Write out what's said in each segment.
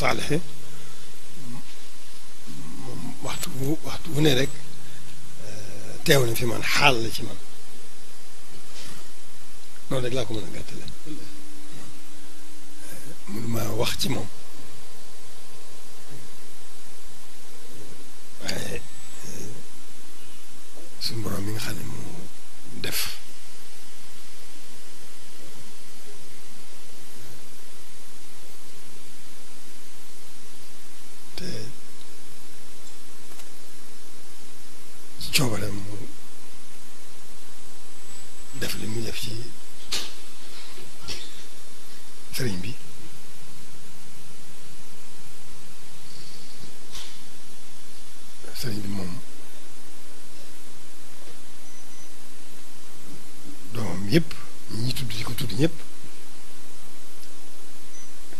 Saale si moom waxtu wu waxtu wu ne rek euh, teew fi man xaal ci man noonu rek laa ko mën euh, wax ci moom waaye euh, suñu borom mi nga xam ne mu def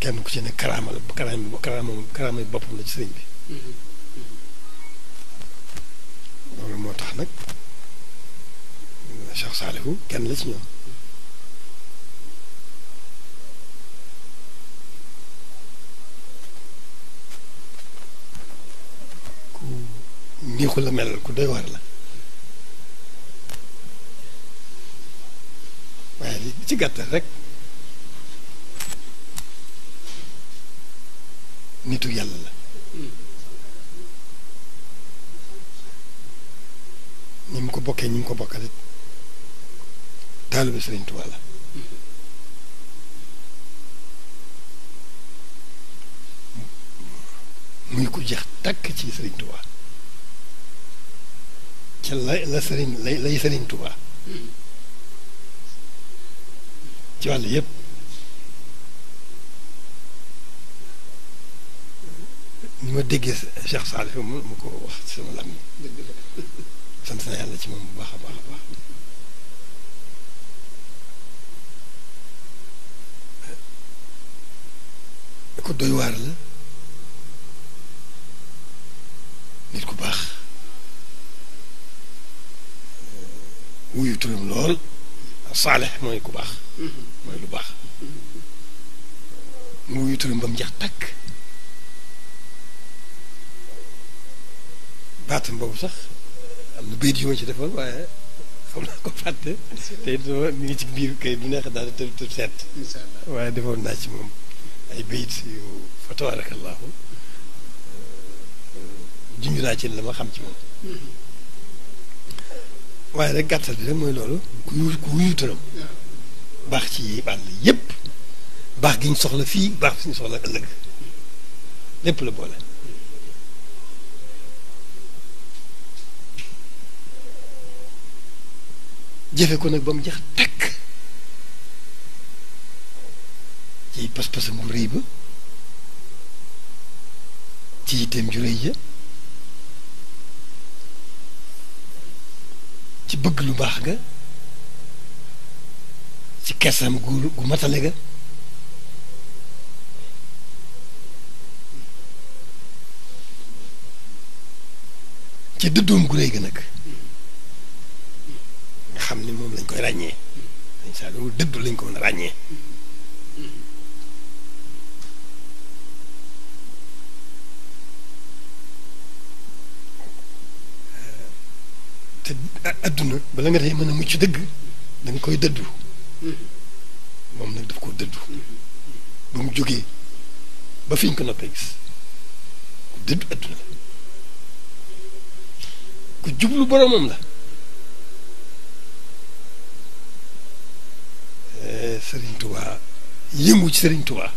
kenn ku ci ne karaama la karaama karaama karaama boppam la ci sëriñ bi loolu moo tax nag Cheikh Saalihu kenn la ci ñoom ku neexu la mel ku doy war la waaye li ci gàttal rek nitu yàlla la ñi mu ko bokkee ñu mu ko bokkal it taalibe Sëriñ Tuubaa la muy ku jeex takk ci Sëriñ Tuubaa ca la la Sëriñ lay lay Sëriñ Tuubaa ci wàll yépp ni ma déggee Cheikh Salif mu ko wax ci sama làmmiñ sant naa yàlla ci moom bu baax a baax a baax ku doy nit ku baax wuyu turam lool saalex mooy ku baax mm-hmm. mooy lu baax mu wuyu turam ba mu jeex tàkk baatam boobu sax am na béykat yu ma ci defoon waaye xam naa ko fàtte. te it mi ngi ci biir kay bu neex daal te te seet. waaye defoon naa ci moom ay béyit yu fa tabaarakallaahu junj naa ci la ma xam ci moom. Mm-hmm. waaye rek gàttal bi rek mooy loolu. ku yu ku wuyu baax ci yi àll yépp baax gi ñu soxla fii baax gi ñu soxla ëllëg mm-hmm. lépp la boole. jëfe ko nag ba mu jeex takk ci pas-pasam bu rëy ba ci yitteem ju rëy ja ci bëgg lu baax nga ci kersam gu gu matale ga ci dëddoom gu rëy ga nag xam ni moom lañ koy ràññee sëñ Saliou lañ ko mën a ràññee te adduna bala nga tey mën a mucc dëgg da koy dëddu moom nag daf koo dëddu ba mu jógee ba fi ñu ko noppee gis ku dëddu adduna la ku jublu boromam la sëriñ tubaa yëngu ci sëriñ tubaa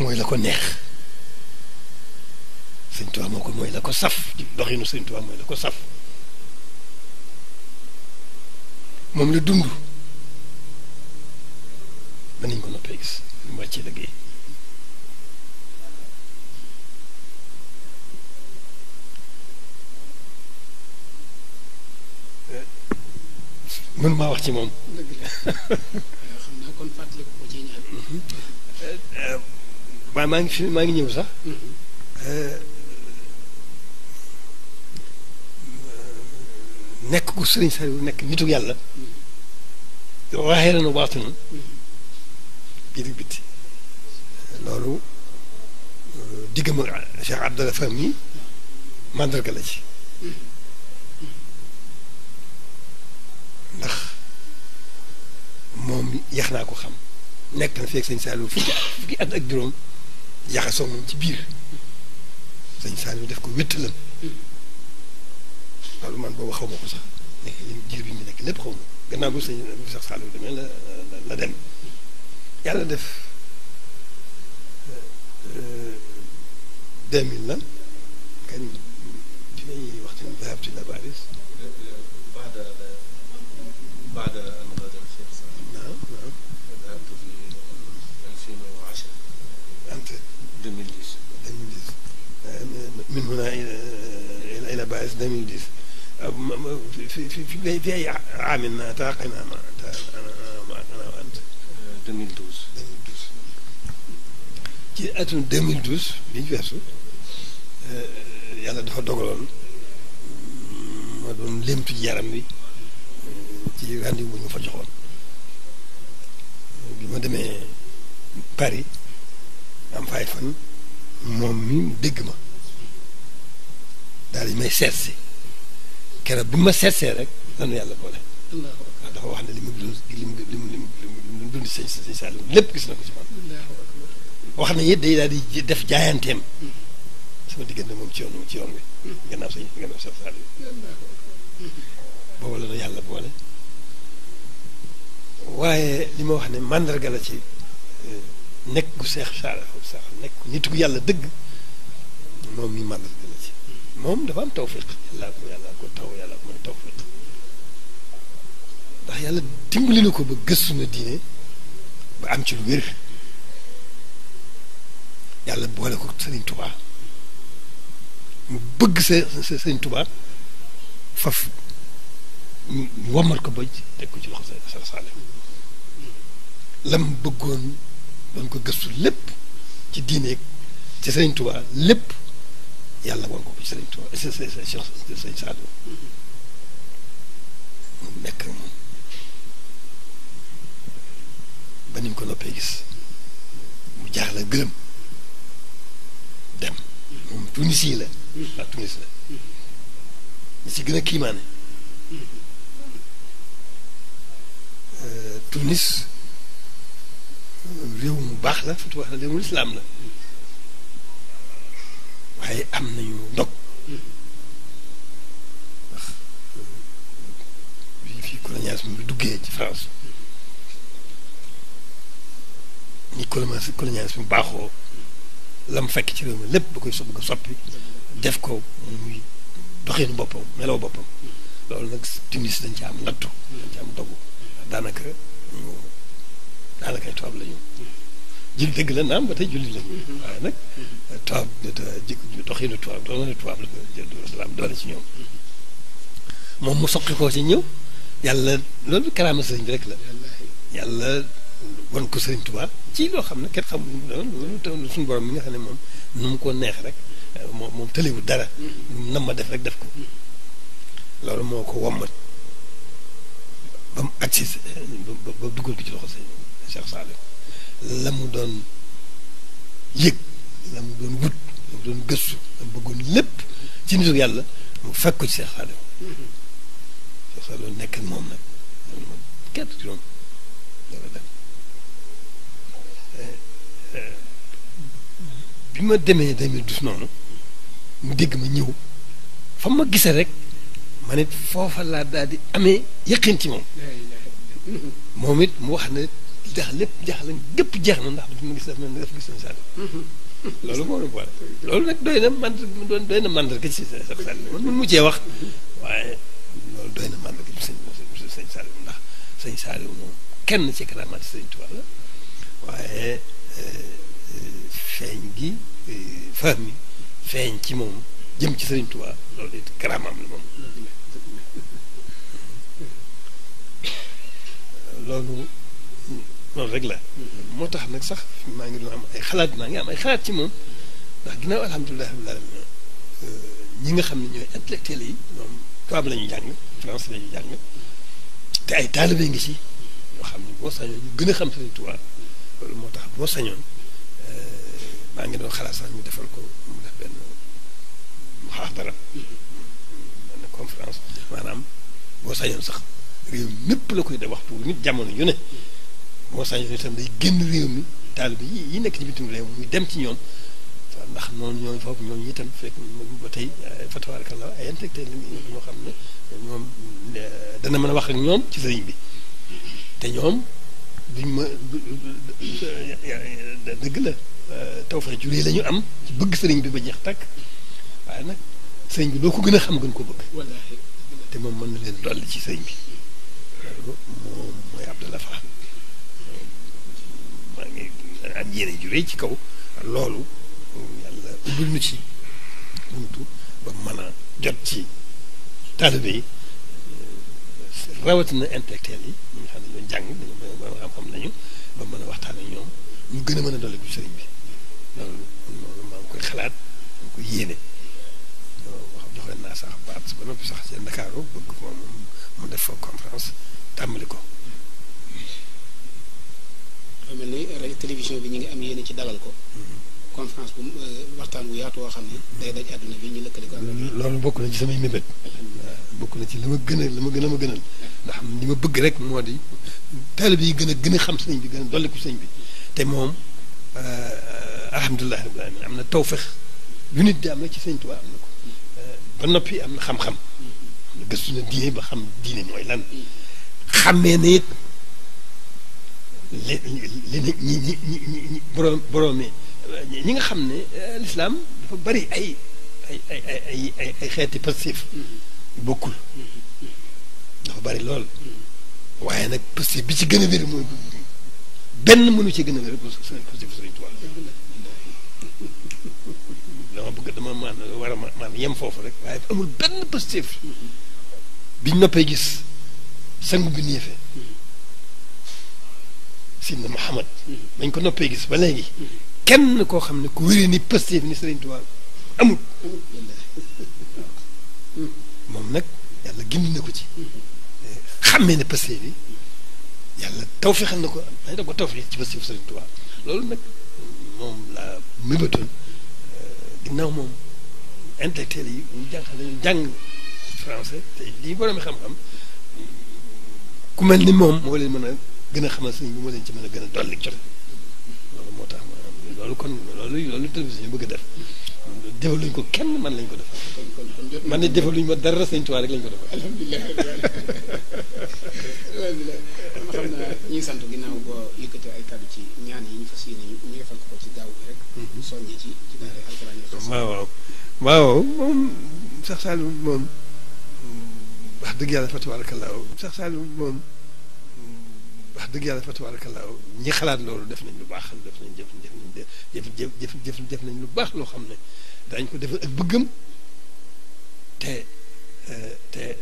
mooy la ko neex sëriñ tubaa moo ko mooy la ko saf doxinu sëriñ tubaa mooy la ko saf moom la dund mën nañ ko noppee gis ñu wàccee liggéey mën maa wax ci moom. waaye maa ngi fi maa ngi ñëw sax. nekk ku sëriñ Saliou bu nekk nitu yàlla. waxee na nu waatu na. bitig biti loolu diggam ak Cheikh Abdallah Fahmi mandarga la ci. moom yax naa ko xam nekk na feeg sëñ Saliou fukki fukki at ak juróom yaxasoo moom ci biir sëñ Saliou def ko wéttalam loolu man boobu xaw ma ko sax nekk jiir bi mu nekk lépp xaw ma gannaaw bu sëñ bu sax Saliou demee la la dem yàlla def euh, euh, deux mille lan kañ dinañuy waxtaan dahabti la baris min huna ila baas 2010 في في في في اي عام تلاقينا انا انا وانت 2012 ci atum 2012 bi ñu weesu yàlla dafa dogaloon ma doon lémtu ci yaram bi ci rendi bu ñu fa bi ma demee Paris am fay fan moom mi dégg ma daal di may seet si keroog bi ma seet see rek lanu yàlla boole. dafa wax ne li mu dund li mu gis na ko ci man. wax nañu it day daal di def jaayanteem. Mm. sama diggante moom ci yoon ci yoon bi. Mm. gannaaw sëñ boole. waaye li ma wax ne màndarga la ci eh, nekk gu seex saara sax nekk nitu yàlla dëgg moom mi màndarga. moom dafa am tawfiq yàlla yàlla ko taw yàlla ko mooy tawfiq ndax yàlla dimbali ko ba gëstu na diine ba am ci lu wér yàlla boole ko sëriñ tubaa mu bëgg sa tubaa faf ñu wommal ko ba teg ko ci loxo sa la lam bëggoon doon ko gëstu lépp ci diineek ci sëriñ tubaa lépp yàlla woon ko nekk moom ba niñ ko noppee gis mu jaaxle gërëm dem moom Tunis yi la waa Tunis la ñi si gën a kiimaane euh, Tunis réew mu baax la fatu la réew mu lislaam la waaye am na yu ndog ndax bi euh, fii colonialisme bi duggee ci France ñi colonialisme baaxoo lam fekk ci réew mi lépp ba koy so bëgg soppi def ko muy doxinu boppam melo boppam loolu nag Tunis dañ ci am nattu dañ ci am dogu daanaka daanaka ay tubaab la julli dëgg la naam ba tey julli la waaye nag tubaab jikko doxinu tubaab doon la ko mu soqi koo ñëw yàlla loolu karaama sëriñ rek la yàlla wan ko sëriñ ci loo xam ne kenn xamul loolu mi nga xam ne moom mu ko neex rek moom moom tëliwul dara nam ma def rek def ko loolu moo ko wommat ba mu agsi ba dugal ko ci loxo sëriñ Cheikh Saliou la mu doon yëg la mu doon wut la mu doon gëstu la mu bëggoon lépp ci nitu yàlla mu fekk ko ci Seex Saaliw Seex nekk moom nag loolu moom kenn juróom loolu dem eh, eh, bi ma demee demee dus noonu mu dégg ma ñëw fa ma gisee rek ma nit foofa laa daal di amee yëqin ci moom moom it mu wax ne jaax lépp jaaxle gépp jeex na ndax du ma gis daf mel ni dafa gis sëñ Saliou loolu moo ñu boole loolu nag doy na mandar doy na mandar ci sëñ Saliou man mun mu cee wax waaye loolu doy na mandar ci sëñ sëñ ndax sëñ Saliou moom kenn ci karaamaati eh, gi eh, faam mi feeñ ci moom jëm ci sëriñ Tuubaa loolu it karaamaam la moom loolu loolu rek la. moo tax nag sax maa ngi doon am ay xalaat maa ngi am ay xalaat ci moom ndax ginnaaw alhamdulilah euh, ñi nga xam ne ñooy intellectuels yi ñoom tubaab la ñuy jàng français la jàng te ay taalibe ngi ci yoo xam ne boo sañoon ñu a xam Sëriñ Tuubaa loolu tax boo sañoon euh, maa ngi doon xalaat sax ñu defal ko mu def benn muhaadara maanaam boo sañoon sax réew ñëpp la koy wax waxtu nit jamono yu ne. moo sañ loolu itam day génn réew mi taalibe yi yi nekk ci bitim réew muy dem ci ñoom ndax noonu ñooñu foofu ñooñu itam fekk ba tey eh, fa tabarakallah ay intellectuel lañu xam ne eh, dana mën a wax ak ñoom ci sëriñ bi te ñoom duñ ma dëgg la eh, tawfeex fa réy la am ci bëgg sëriñ bi ba ñeex takk waaye nag sëriñ bi loo ko gën a xam gën ko bëgg te moom mën na leen dolli ci sëriñ bi moom mooy Abdallah Fall yéene ju ci kaw loolu yàlla ubbil nu ci buntu ba mën a jot ci taalibe yi rawatina intellectuel yi ñi nga xam ne ñoo jàng dañu mën a xam-xam nañu ba mën a waxtaan ak ñoom ñu gën a mën a dolli bu sëriñ bi loolu loolu koy xalaat maa ngi koy jox wax naa sax baat ba noppi sax seen Ndakaaru bëgg moom mu def foo conférence tàmbali ko dafa mel ni télévision bi ñu ngi am yéene ci dalal ko. Mm-hmm. conférence bu euh, waxtaan wu yaatu woo xam ne. day daj àdduna bi ñu lëkkale ko am. loolu bokk na ci samay mébét. bokk na ci li ma gën a li ma gën a ma gënal. ma bëgg rek moo di taalibe yi gën a gën a xam sëñ bi gën a dolliku sëñ bi te moom euh, alhamdulilah am na tawfeex lu nit di am na ci sëñ Tuubaa am na ko euh, ba noppi am na xam-xam. Mm-hmm. gëstu na diine ba xam diine mooy lan mm-hmm. xamee na it li li li ñi ñi ñi ñi borom borom ñi nga xam ne euh, lislaam dafa bari ay ay ay ay ay xeeti passif mm-hmm. bokkul mm-hmm. dafa bari lool mm-hmm. waaye nag passif bi ci gën a wér mooy benn mënu ci gën a wér passif Sëriñ Tuubaa dama bëgg dama maan war a maan yem foofu rek waaye amul benn passif biñ noppee gis sangu bi néefe sidna Muhammad bañ ko noppee gis ba léegi kenn koo xam ne ku wéree ni Pastef ni Sëriñ Tuubaa amul moom nag yàlla gindi na ko ci xàmmee ne Pastef bi yàlla tawféexal na ko dañ da ko tawféex ci Pastef Sëriñ Tuubaa loolu nag moom la mébatoon euh, ginnaaw moom intellectuel yi ñu jàng dañu jàng français te lii boroomi xam-xam ku mel ni moom moo leen mën a gën a xamal sëñ bi moo leen ci mën a gën a dolli jot loolu moo tax ma loolu kon loolu loolu télévision ñu bëgg a def defaluñ ko kenn man lañ ko defal man ne defaluñ ma dara sëñ Tuubaa rek ko defal alhamdulilah alhamdulilah ma xam naa ñuy sant ginnaaw boo yëkkatee ay ci ñaan yi ñu fas yéene ko ci gaaw bi rek mhm. soññi ci ci daara alxuraan waaw waaw waaw moom sax Saalum moom wax dëgg yàlla fa tabarakallah sax Saalum moom wax dëgg yàlla fa tabarakallah ñi xalaat loolu def nañ lu baax def nañ jëf def jëf jëf jëf def nañ lu baax loo xam ne daañ ko defal ak bëggam te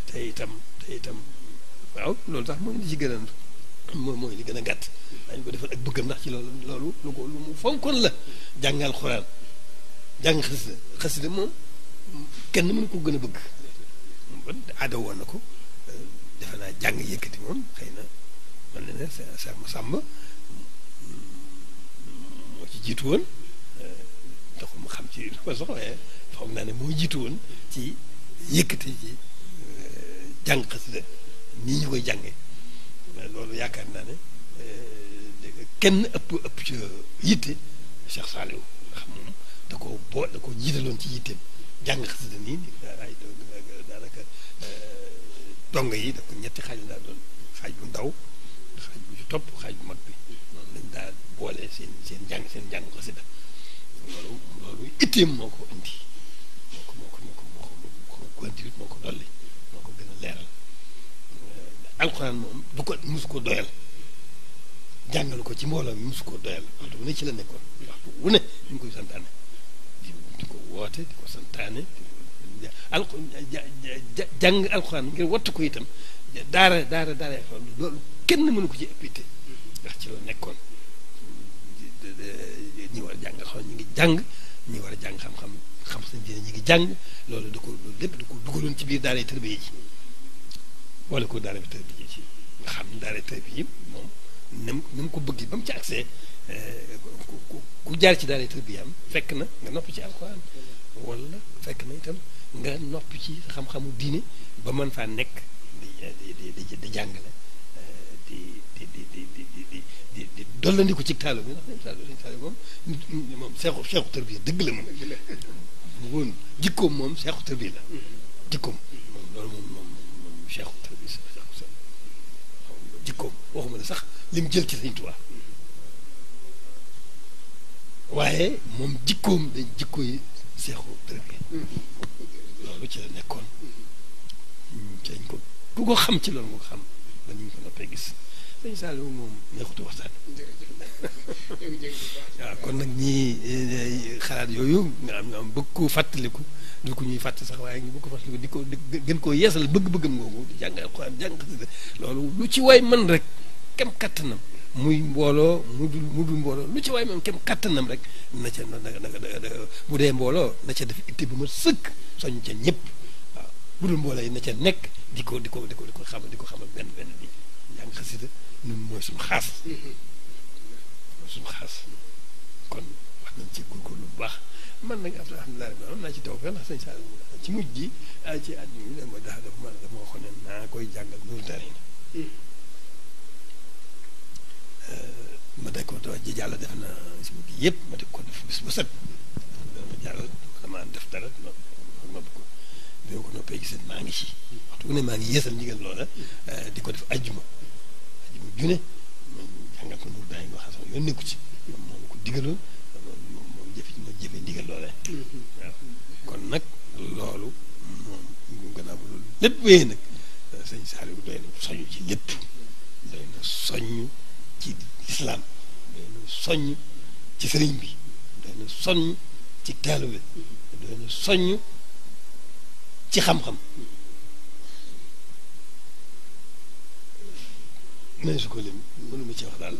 te itam te itam waaw loolu tax mooy li ci gën a mooy mooy li gën a gàtt daañu ko defal ak bëggam ndax ci loolu loolu lu lu mu fonkoon la jàngal xuraan jàng xasida xasida moom kenn mun ko gën a bëgg aada woon na ko defe naa jàng yëkkati moom xëy na man ne ne mu Masàmba moo ci jiitu woon tax mu xam ci lu ko naa ne moo jiitu woon ci yëkkati ci jàng xasida nii ñu koy jànge loolu yaakaar naa ne kenn ëpp ëpp ci yitte Cheikh Saliou moom da ko boo da ko jiitaloon ci yitteem jàng xasida nii ay daanaka dong yi da ko ñetti xaaj la daa doon xaaj bu ndaw topp xaaj bu mag bi noonu lañ daa boole seen seen jàng seen jàng xasida loolu loolu itteem moo ko indi moo ko moo ko moo ko moo ko dolli moo ko gën a leeral euh, alxuraan moom du ko mus ko doyal jàngal ko ci mbooloo mi mus ko doyal waxtu wu ne ci la nekkoon waxtu wu ne ñu koy santaane di di ko woote di ko santaane alxuraan ngir wattu ko itam daara daara daara loolu kenn mënu ko ci ëppite ndax ci la nekkoon ñi war a jàng xam ngi jàng ñi war a jàng xam-xam sañ seen diine ñi ngi jàng loolu du ko loolu lépp da ko dugaloon ci biir daaree tërbiye ji wala ko daaree tërbiye ji nga xam ne daaree tërbiye moom ni mu ni mu ko bëggee ba mu ci accès eh, ku ku jaar ci daaree tërbiye am fekk na nga nopp ci alxuraan wala fekk na itam nga nopp ci xam-xamu diine ba mën faa nekk di di di di jàngale dollandiku ci taalo bi ndax sëñ Saliou moom moom seexu seexu tarbiya dëgg la moom bu woon jikkoom moom seexu tarbiya la jikkoom waxuma la sax li jël ci sëñ Tuubaa waaye moom jikkoom dañ jikko yi seexu tarbiya loolu ci la nekkoon dañ ko ku ko xam ci loolu nga xam ba ñu ko noppee gis sëñ Saliou moom neexutu waxtaan waaw kon nag ñii eh, xalaat yooyu nga am am bëgg koo fàttaliku du ko ñuy fàtt sax waaye nga bëgg ko fàttaliku di ko gën koo yeesal bëgg-bëggam ngoogu di jàng alxuraan loolu lu ci waay man rek kem kattanam muy mbooloo mu dul mbooloo lu ci waay moom kem kattanam rek na ca na bu dee mbooloo na ca def itte bu ma sëkk soñ ca ñëpp waaw bu dul mbooloo yi na ca nekk di ko di ko di ko di xamal di ko xamal benn benn bi ñun mooy suñu xaas mooy suñu xaas kon wax nañ ci góorgóorlu bu baax man nag alhamdulilah bi am naa ci taw fe sañ saa Saaliw ci mujj ji ah, ci at yi nag ma dafa dafa ma dafa naa koy jàngal Nuuru Daarayni eh, ma dégg ko ji jàll def na yëpp ma ko def bis bu ma def dara ma ko bi ma ko noppee gis maa ngi si waxtu bu ne maa ngi yeesal ndigal loola eh, di ko def ajjuma ju ne jàngal ko Nourou Daayni wax sax yoon nekku ci moom moo ko digaloon moom moom jëfe ci moom jëfe ndigal loolee mm-hmm. kon nag loolu moom gannaaw ba loolu lépp wéyee nag sëñ Saliou doy ci lépp doy na soññ ci lislaam doy na soññ ci sëriñ bi doy na soññ ci taalibe doy na soññ ci xam-xam nañ su ko lim mënu ma ci wax daal.